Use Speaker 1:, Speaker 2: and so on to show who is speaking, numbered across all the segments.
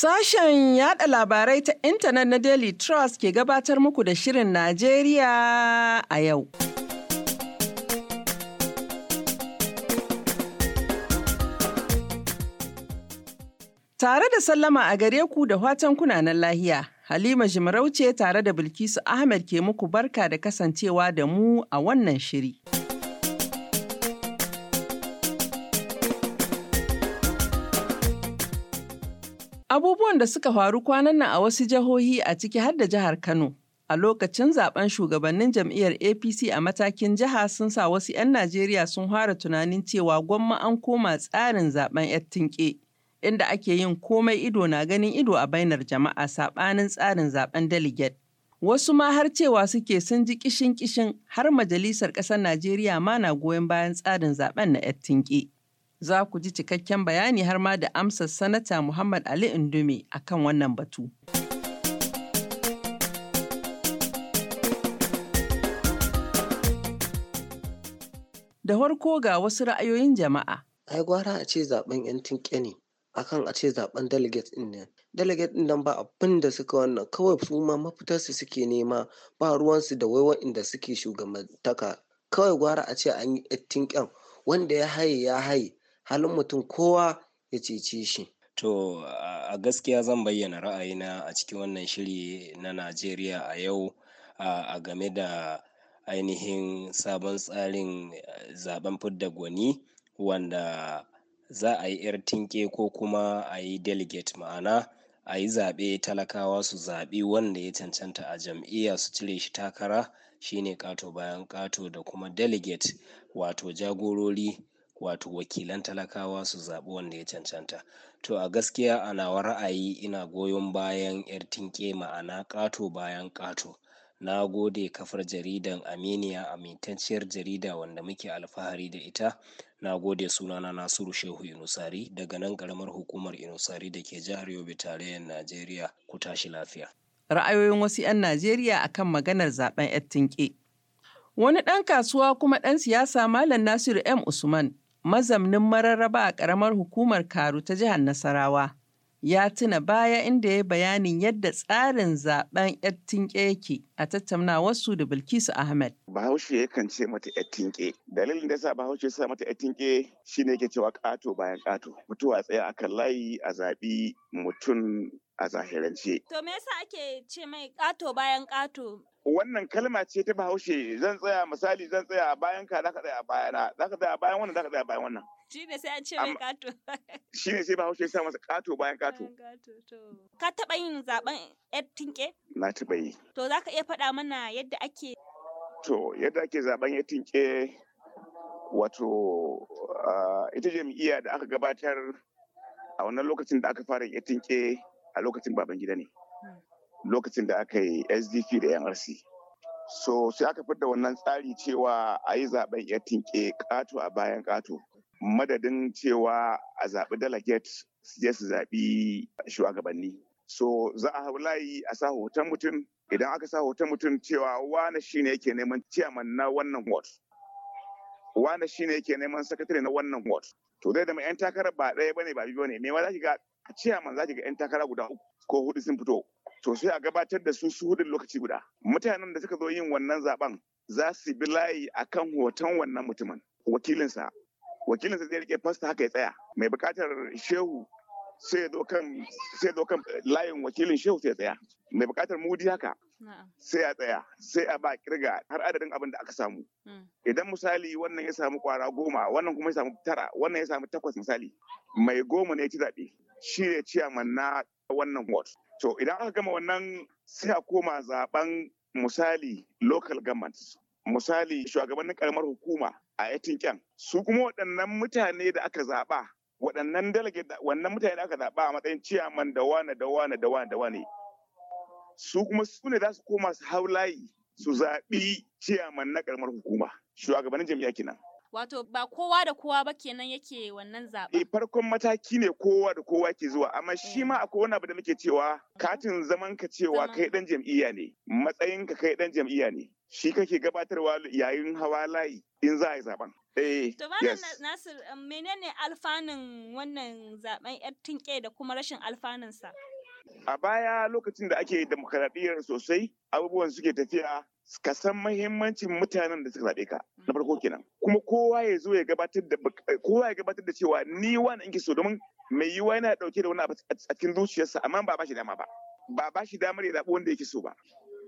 Speaker 1: Sashen yada labarai ta intanet na Daily Trust ke gabatar muku da Shirin Najeriya a yau. Tare da sallama a gare ku da watan kunanan lahiya, Halima Jimarauce tare da Bilkisu Ahmed ke muku barka da kasancewa da mu a wannan shiri. Abubuwan da suka faru kwanan nan a wasu jihohi a ciki har da jihar Kano. A lokacin zaben shugabannin jam'iyyar APC a matakin jiha sun sa wasu 'yan Najeriya sun fara tunanin cewa gwamma an koma tsarin zaben 'yar tinke, inda ake yin komai ido na ganin ido a bainar jama'a saɓanin tsarin zaben delegate. Wasu ma har cewa suke sun ji kishin kishin har majalisar ƙasar Najeriya ma na goyon bayan tsarin zaben na 'yar za ku ji cikakken bayani har ma da amsar sanata Muhammad Ali Indume kan wannan batu. Da harko ga wasu ra'ayoyin jama'a.
Speaker 2: Ai gwara a ce zaben 'yan tinke ne akan a ce zaben delegate din nan. Delegate din nan ba abin da suka wannan kawai su ma su suke nema ba ruwansu da waiwa inda suke shugabantaka. Kawai gwara a ce an yi tinken wanda ya haye ya haye halin mutum kowa ya cece shi. To a gaskiya zan bayyana ra'ayina a cikin wannan shiri na Najeriya a yau a game da ainihin sabon tsarin eh, zaben fidda gwani wanda za a yi 'yar tinke ko kuma a yi delegate ma'ana a yi zaɓe talakawa su zaɓi wanda ya cancanta a jam'iyya su cire shi takara shine ƙato bayan ƙato da kuma delegate wato jagorori wato wakilan talakawa su zaɓi wanda ya cancanta to a gaskiya a wa ra'ayi ina goyon bayan yar tinke ma'ana ƙato bayan ƙato na gode kafar jaridan aminiya amintacciyar jarida wanda muke alfahari da ita na gode sunana nasiru shehu inusari daga nan karamar hukumar inusari da ke jihar yobe tarayyar najeriya ku tashi lafiya
Speaker 1: ra'ayoyin wasu 'yan najeriya akan maganar zaben yattinke wani ɗan kasuwa kuma ɗan siyasa malam nasiru m usman mazaunin mararraba a ƙaramar hukumar Karu ta jihar Nasarawa. ya tuna baya inda ya bayanin yadda tsarin zaben yattinke yake a tattauna wasu da Bilkisu Ahmed.
Speaker 3: Bahaushe yakan ce mata yattinke. Dalilin da yasa Bahaushe sa mata yattinke shine yake cewa ƙato bayan ƙato. Mutuwa tsaya akan layi a zaɓi mutum a zahirance.
Speaker 4: To me yasa ake ce mai ƙato bayan ƙato?
Speaker 3: wannan kalma ce ta bahaushe zan tsaya misali zan tsaya a bayan ka zaka tsaya a bayana zaka tsaya a bayan wannan zaka tsaya a bayan wannan
Speaker 4: Shi ne sai an ce mai kato.
Speaker 3: Shi ne sai bahaushe sa masa kato bayan kato.
Speaker 4: Ka taɓa yin zaben yar tinke?
Speaker 3: Na taɓa yi.
Speaker 4: To za ka iya faɗa mana yadda ake?
Speaker 3: To yadda ake zaben yar tinke wato ita jam'iyya da aka gabatar a wannan lokacin da aka fara yar tinke a lokacin baban gida ne. Hmm. Lokacin da aka yi SDP da NRC. so sai aka fidda wannan tsari cewa a yi zaben ya tinke kato a bayan kato madadin cewa a zaɓi delegate su je su zaɓi shugabanni. So za a hau layi a sa hoton mutum idan aka sa hoton mutum cewa wane shine yake neman ciyaman na wannan ward. Wane shine yake neman sakatare na wannan ward. To zai zama 'yan takarar ba ɗaya bane ba biyu ne. mewa za ki ga chairman ciyaman za ki ga 'yan takara guda uku ko hudu sun fito. To sai a gabatar da su su hudun lokaci guda. Mutanen da suka zo yin wannan zaben za su bi layi akan hoton wannan mutumin wakilinsa wakilin zai rike fasta haka ya tsaya mai bukatar shehu sai zo kan sai zo kan layin wakilin shehu sai ya tsaya mai bukatar mudi haka sai ya tsaya sai a ba kirga har adadin abin da aka samu hmm. idan misali wannan ya samu kwara goma wannan kuma ya samu tara wannan ya samu takwas misali mai goma ne ya ci zaɓe shi ne ciyaman na wannan ward to idan aka gama wannan sai a koma zaben misali local government misali shugabannin karamar hukuma a yatinken su kuma waɗannan mutane da aka zaɓa waɗannan dalage wannan mutane da aka zaɓa a matsayin ciyaman da wane da wane da wane da wane su kuma su ne za su koma su hau layi su zaɓi ciyaman na ƙaramar hukuma shugabannin jam'iyya kenan.
Speaker 4: Wato ba kowa da kowa ba kenan yake wannan zaɓen.
Speaker 3: Eh, farkon mataki ne kowa da kowa ke zuwa amma shi ma eh. akwai wani abu da muke cewa mhm. katin zaman ka cewa kai ɗan jam'iyya ne matsayin ka kai ɗan jam'iyya ne. shi kake gabatarwa yayin hawa layi in za a yi zaben. Eh, to
Speaker 4: Nasir, um, menene alfanun wannan zaben yar tinke da kuma rashin alfanunsa?
Speaker 3: A baya lokacin da ake demokaradiyyar sosai, abubuwan suke tafiya ka san mahimmancin mutanen da suka zaɓe ka na farko mm. kenan kuma kowa ya zo ya gabatar da cewa ni wani in so domin mai yiwuwa yana dauke da wani a cikin zuciyarsa amma ba ba shi dama ba ba ba shi damar ya zaɓi wanda yake so ba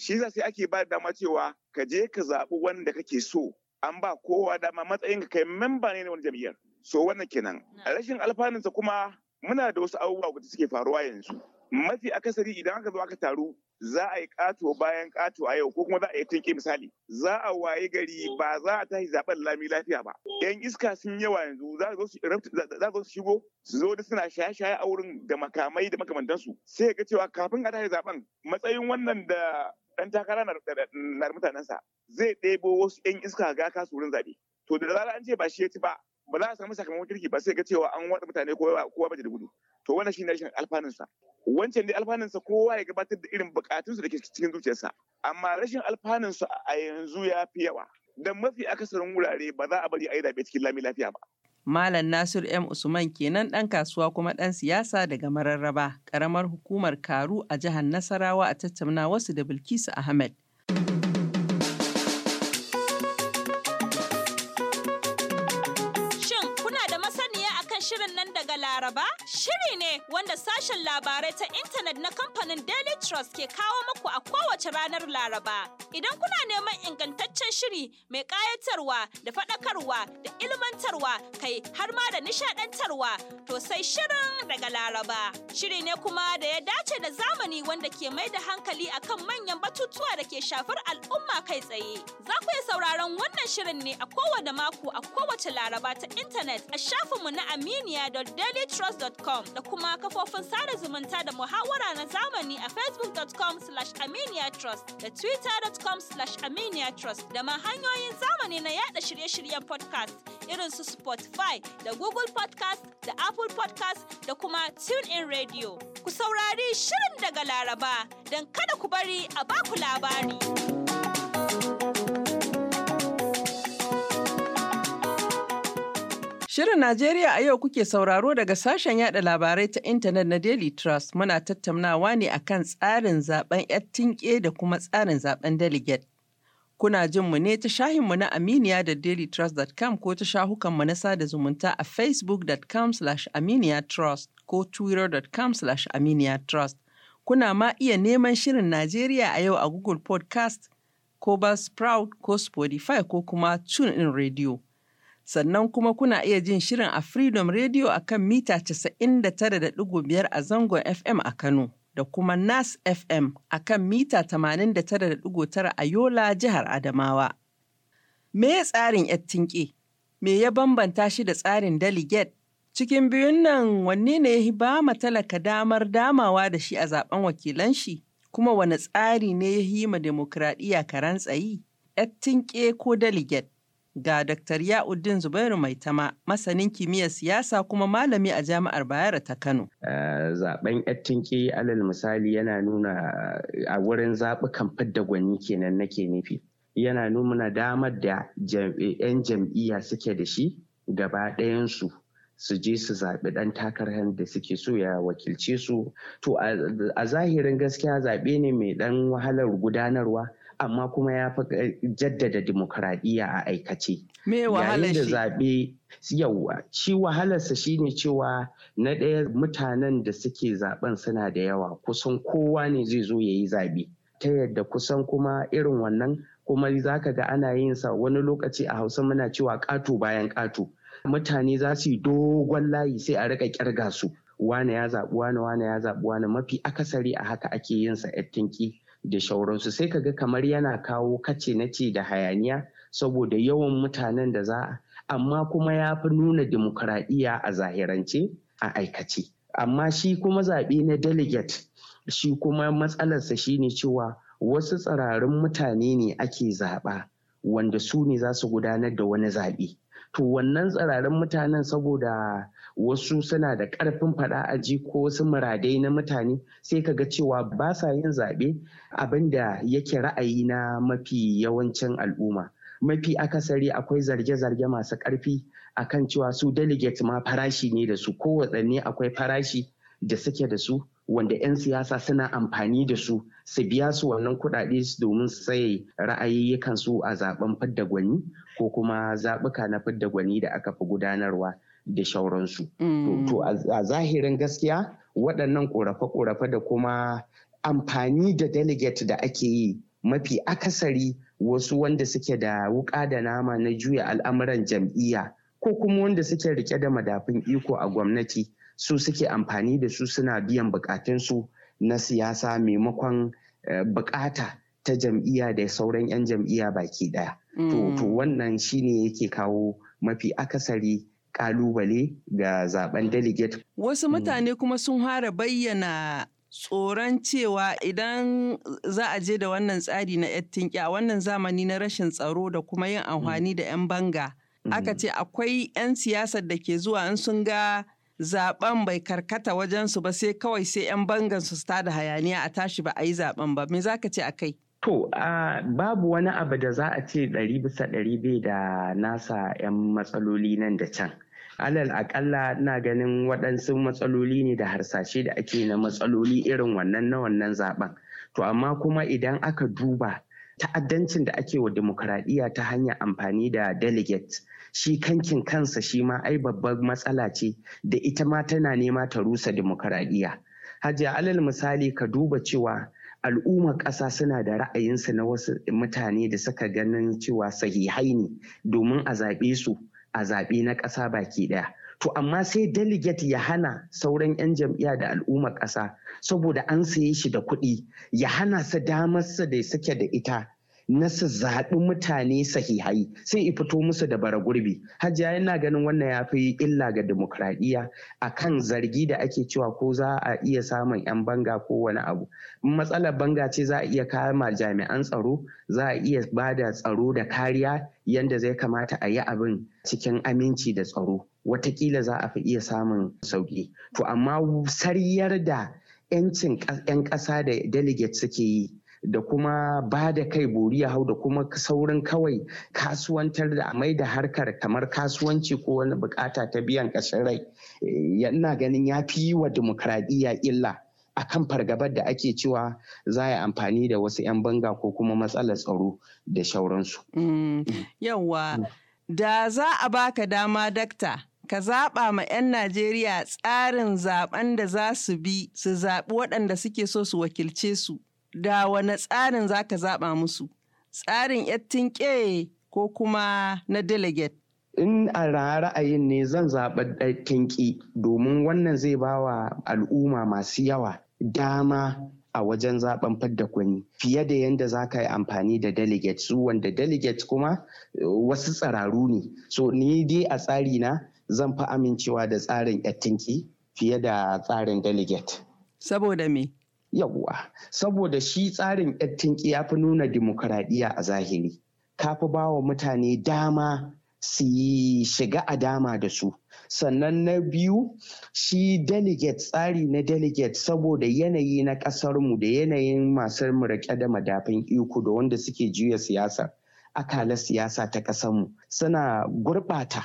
Speaker 3: shi za sai ake ba dama cewa ka je ka zaɓi wanda kake so an ba kowa dama matsayin ka kai memba ne na wani jam'iyyar so wannan kenan rashin alfanunsa kuma muna da wasu abubuwa da suke faruwa yanzu mafi akasari idan aka zo aka taru za a yi ƙato bayan ƙato a yau ko kuma za a yi tinki misali za a waye gari ba za a tashi zaben lami lafiya ba yan iska sun yawa yanzu za su shigo su zo da suna shaye-shaye a wurin da makamai da makamantansu sai ga cewa kafin a tashi zaben matsayin wannan da dan takara na mutanensa zai ɗebo wasu 'yan iska ga kasu wurin zaɓe to da zarar an ce ba shi ya ci ba ba za a samu sakamakon kirki ba sai ga cewa an watsa mutane kowa ba da gudu to wannan shine rashin alfanunsa wancan dai alfanunsa kowa ya gabatar da irin bukatunsa da ke cikin zuciyarsa amma rashin alfanunsa a yanzu ya fi yawa dan mafi akasarin wurare ba za a bari a yi zaɓe cikin lami lafiya ba
Speaker 1: Malam Nasir M. Usman kenan ɗan kasuwa kuma ɗan siyasa daga Mararraba, ƙaramar hukumar Karu a jihar Nasarawa a tattauna wasu da Bilkisu Ahmed.
Speaker 4: Shin kuna da masaniya akan shirin nan daga Laraba? Shiri ne wanda sashen labarai ta intanet na kamfanin Daily Trust ke kawo muku a kowace ranar Laraba. Idan kuna neman ingantaccen shiri mai ƙayatarwa da faɗakarwa da ilmantarwa kai har ma da nishaɗantarwa to sai shirin daga Laraba. Shiri ne kuma da ya dace da zamani wanda ke mai da hankali akan manyan batutuwa da ke shafar al'umma kai tsaye. Za ku iya sauraron wannan shirin ne a kowane mako a kowace Laraba ta intanet a shafinmu na aminiya.dailytrust.com da kuma kafofin sada zumunta da muhawara na zamani a facebookcom aminiyatrust da twitter.com com slash aminiatrust da ma hanyoyin zamani na yada shirye-shiryen podcast irin su Spotify da Google podcast da Apple podcast da kuma TuneIn Radio. Ku saurari shirin daga Laraba don kada ku bari a baku labari.
Speaker 1: Shirin Najeriya a yau kuke sauraro daga sashen yada labarai ta intanet na Daily Trust muna tattaunawa ne akan tsarin zaben tinke da kuma tsarin zaben delegate. Kuna jin mu ne ta shahinmu na Aminiya da dailytrust.com ko ta shahukanmu na sada zumunta a facebook.com slash trust ko twitter.com slash trust Kuna ma iya neman shirin Najeriya a yau a Google Podcast ko Buzzsprout ko Spotify ko kuma TuneIn Radio. Sannan kuma kuna iya jin shirin a Freedom Radio a kan mita 99.5 a zangon FM a Kano da kuma Nas FM a kan mita 89.9 a Yola jihar Adamawa. Me tsarin yattinke? Me ya bambanta shi da tsarin daliget Cikin biyun nan wanne ne ya ba ma talaka damar damawa da shi a zaben wakilan shi? Kuma wane tsari ne ya yi ma demokradiyya karan tsayi? Yattinke ko daliget ga Dr. Ya'uddin Zubairu Maitama masanin kimiyyar siyasa kuma malami a jami'ar Bayero ta Kano.
Speaker 2: Uh, Zaben yattinki alal misali yana nuna eh, a wurin zaɓukan fidda gwani kenan nake nufi. Yana nuna damar da 'yan jam'iyya suke da shi gaba ɗayansu su je su zaɓi ɗan takarar da suke so ya wakilce su. To a zahirin gaskiya zaɓe ne mai ɗan wahalar gudanarwa. amma kuma ya fi eh, jaddada dimokuraɗiyya a aikace. Me wahalar shi? zaɓe yawwa shi wahalarsa shi ne cewa na ɗaya mutanen da suke zaɓen suna da yawa kusan kowa ne zai zo ya yi zaɓe. Ta yadda kusan kuma irin wannan kuma za ka ga ana yin sa wani lokaci a hausa muna cewa ƙato bayan ƙato. Mutane za su yi dogon layi sai a riƙa ƙirga su. Wane ya zaɓi wane wane ya zaɓi wane mafi akasari a haka ake yin sa tinki da shauransu sai kaga kamar yana kawo kace na ce da hayaniya saboda yawan mutanen da za a amma kuma ya fi nuna dimokuraɗiyya a zahirance a aikace amma shi kuma zaɓe na delegate shi kuma matsalarsa shine cewa wasu tsirarin mutane ne ake zaɓa wanda su ne za su gudanar da wani zaɓe to wannan tsirarin mutanen saboda wasu suna da ƙarfin faɗa a ji ko wasu muradai na mutane sai ka ga cewa ba sa yin zaɓe abin da yake ra'ayi na mafi yawancin al'umma mafi akasari akwai zarge-zarge masu ƙarfi kan cewa su delegate ma farashi ne da su Ko kowaɗanne akwai farashi da suke da su wanda 'yan siyasa suna amfani da su su biya su wannan kuɗaɗe domin sai yakan su a zaben fidda gwani ko kuma zaɓuka na fidda gwani da aka fi gudanarwa da shauransu. To mm. a zahirin gaskiya waɗannan ƙorafe-ƙorafe da kuma amfani da delegate da ake yi mafi akasari wasu wanda suke da wuƙa da nama na juya al'amuran jam'iyya ko kuma wanda suke rike da madafin iko a gwamnati su suke amfani da su suna biyan bukatunsu na siyasa maimakon eh, bukata ta jam'iyya da sauran 'yan jam'iyya baki daya. To mm. wannan shine yake kawo mafi akasari kalubale ga zaben delegate.
Speaker 1: Wasu hmm. mutane kuma sun hara bayyana tsoron cewa idan za a je da wannan tsari na yattinki a wannan zamani na rashin tsaro da kuma yin amfani hmm. da 'yan banga. Hmm. Aka ce akwai 'yan siyasar da ke zuwa in sun ga zaben bai karkata wajensu ba sai kawai sai 'yan bangan su tada hayaniya a tashi ba a yi zaben ba. Me za ka ce a kai? To,
Speaker 2: babu wani abu da za a ce ɗari bisa ɗari bai da nasa 'yan matsaloli nan da can. Alal akalla na ganin waɗansu matsaloli ne da harsashe da ake na matsaloli irin wannan na wannan zaben. To, amma kuma idan aka duba ta'addancin da ake wa dimokuraɗiyya ta hanyar amfani da delegate shi kankin kansa shi ma ai babbar matsala ce da ita ma tana nema ta rusa dimokuraɗiyya. Hajiya alal misali ka duba cewa al'ummar ƙasa suna da ra'ayinsu na wasu mutane da suka ganin cewa sahihai ne domin a zaɓe su a zaɓe na ƙasa baki ɗaya to amma sai delegate ya hana sauran 'yan jam'iyya da al'ummar ƙasa saboda an saye shi da kuɗi ya hana su damarsa da suke da ita na su zaɓi mutane sahihai sai i fito musu da bara gurbi hajiya yana ganin wannan ya fi illa ga demokradiyya a kan zargi da ake cewa ko za a iya samun 'yan banga ko wani abu matsalar banga ce za a iya kama jami'an tsaro za a iya ba da tsaro da kariya yadda zai kamata a yi abin cikin aminci da tsaro watakila za a fi iya samun sauki to amma sariyar da 'yancin 'yan ƙasa da delegate suke yi da kuma ba da kai bori ya hau da kuma saurin kawai kasuwantar da mai da harkar kamar kasuwanci ko wani bukata ta biyan kashin rai yana eh, ganin ya fi yi wa dimokuraɗiyya illa a kan fargabar da ake cewa za a amfani da wasu 'yan banga ko kuma matsalar tsaro da shauransu. Mm.
Speaker 1: Yawwa, da za a baka dama dakta. ka zaɓa ma 'yan Najeriya tsarin zaɓen da za su bi su zaɓi waɗanda suke so su wakilce su. da wani tsarin za ka zaɓa musu? Tsarin tinƙe ko kuma na delegate?
Speaker 2: In a ra'ayin ne zan zaɓa ɗanƙi domin wannan zai ba wa al'umma masu yawa dama a wajen zaɓen fadda kuni fiye da yadda za ka yi amfani da delegate su wanda delegate kuma eh, wasu tsararu ne so ni dai a tsari na zan fi amincewa da tsarin yattinki fiye da tsarin delegate saboda me yawwa saboda shi tsarin yattinki ya fi nuna dimokuraɗiyya a zahiri ka fi ba wa mutane dama su yi shiga a dama da su sannan na biyu shi delegate tsari na delegate saboda yanayi na ƙasarmu da yanayin masu murake da madafin iko da wanda suke juya siyasar akalar siyasa ta ƙasarmu suna gurɓata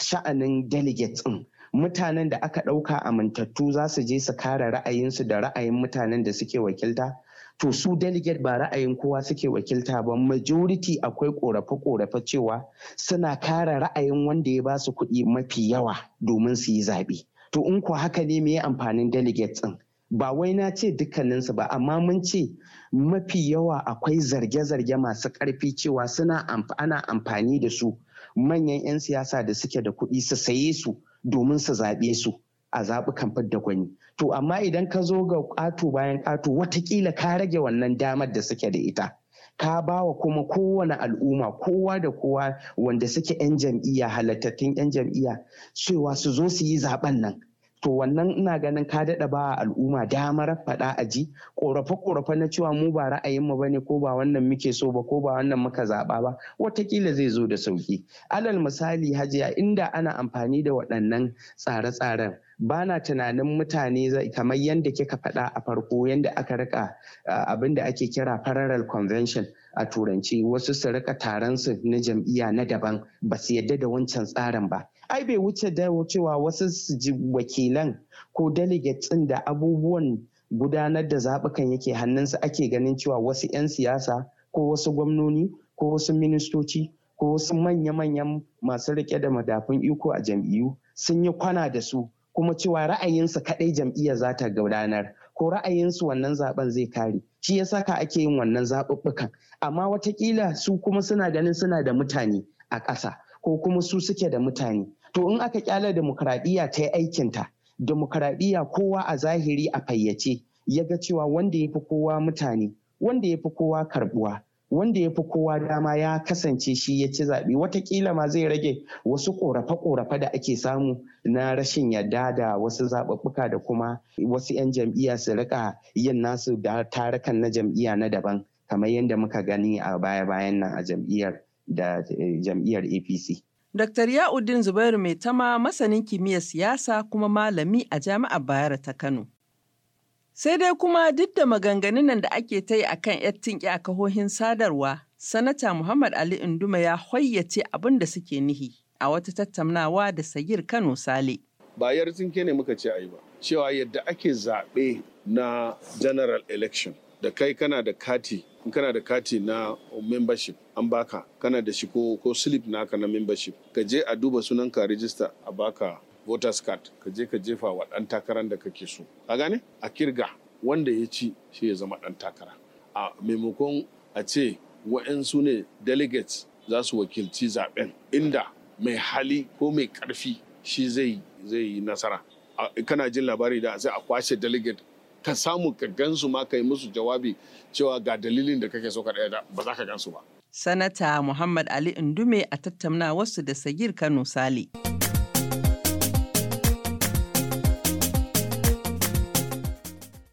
Speaker 2: sha'anin delegate ɗin mutanen da aka ɗauka amintattu za su je su kare ra'ayinsu da ra'ayin mutanen da suke wakilta to su delegate ba ra'ayin kowa suke wakilta ba majority akwai korafe-korafe cewa suna kare ra'ayin wanda ya ba su kuɗi mafi yawa domin su yi zaɓe to in ku haka ne me amfanin delegate ɗin ba wai na ce dukkaninsu ba amma mun ce mafi yawa akwai zarge-zarge masu ƙarfi cewa suna ana amfani da su manyan 'yan siyasa da suke da kuɗi su saye su domin su zaɓe su a zaɓukan fidda gwani. To amma idan ka zo ga ƙato bayan ƙato watakila ka rage wannan damar da suke da ita. Ka ba wa kuma kowane al'umma kowa da kowa wanda suke 'yan jam'iyya halattattun 'yan jam'iyya cewa su zo su yi zaɓen nan. to wannan ina ganin ka daɗa ba al'umma damar faɗa a ji ƙorafe-ƙorafe na cewa mu ba ra'ayinmu ba ne ko ba wannan muke so ba ko ba wannan muka zaɓa ba watakila zai zo da sauƙi alal misali hajiya inda ana amfani da waɗannan tsare-tsaren bana tunanin mutane kamar yadda kika faɗa a farko yadda aka rika abin da ake kira parallel convention a turanci wasu su rika taron su na jam'iyya na daban ba su yadda da wancan tsarin ba ai bai wuce da cewa wasu su ji wakilan ko delegates da abubuwan gudanar da zaɓukan yake hannunsu ake ganin cewa wasu 'yan siyasa ko wasu gwamnoni ko wasu ministoci ko wasu manya-manyan masu rike da madafun iko a jam'iyyu sun yi kwana da su kuma cewa ra'ayinsa kaɗai jam'iyyar za ta gudanar ko ra'ayinsu wannan zaben zai kare shi ya saka ake yin wannan zaɓuɓɓukan amma watakila su kuma suna ganin suna da mutane a ƙasa ko kuma su suke da mutane to in aka kyala demokradiyya ta yi aikinta demokradiyya kowa a zahiri a fayyace ya ga cewa wanda ya fi kowa mutane wanda ya fi kowa karɓuwa wanda ya fi kowa dama ya kasance shi ya ci zaɓe watakila ma zai rage wasu ƙorafe-ƙorafe da ake samu na rashin yarda da wasu zaɓuɓɓuka da kuma wasu 'yan jam'iyya su rika yin nasu da tarukan na jam'iyya na daban kamar yadda muka gani a baya-bayan nan a jam'iyyar da eh, jam'iyyar apc
Speaker 1: Dr. Ya'uddin Zubairu mai tama masanin kimiyyar siyasa kuma malami a Jami'ar Bayero ta Kano. Sai dai kuma duk da maganganun nan da ake ta yi a kan yattin a kahohin sadarwa, Sanata Muhammad Ali Induma ya hoyyace abin da suke nihi a wata tattaunawa da Sagir Kano Sale.
Speaker 3: Ba tsinke ne muka ce a yi ba, cewa yadda ake zaɓe na general election da kai kana da kati in kana da kati na membership an baka kana da shi ko, slip naka na membership ka je a duba sunanka rijista a baka voters card ka je ka jefa wa ɗan takarar da kake so ka gane a kirga wanda ya ci shi ya zama ɗan takara a maimakon a ce waɗansu ne delegates za su wakilci zaben inda mai hali ko mai karfi shi zai yi nasara kana jin labari da sai a kwashe delegate ka samu ka gansu ma ka yi musu jawabi cewa ga dalilin da kake so ka daya ba za ka gansu ba.
Speaker 1: Sanata Muhammad Ali Indume a tattauna wasu da Sagir Kano Sale.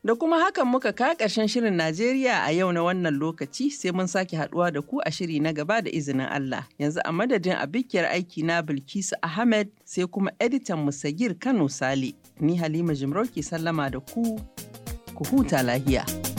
Speaker 1: Da kuma hakan muka ka ƙarshen shirin Najeriya a yau na wannan lokaci sai mun sake haduwa da ku a shiri na gaba da izinin Allah. Yanzu a madadin abikiyar aiki na Bilkisu Ahmed sai kuma editan Musagir Kano Sale. Ni Halima Jimroki sallama da ku, ku huta lahiya.